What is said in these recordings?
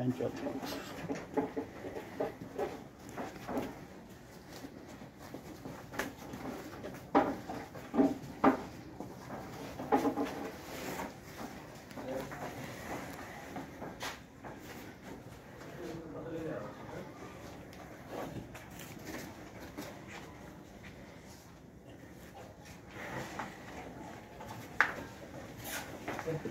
and judgments. Thank you.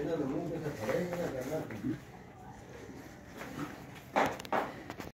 얘는 너무 그래서 잘해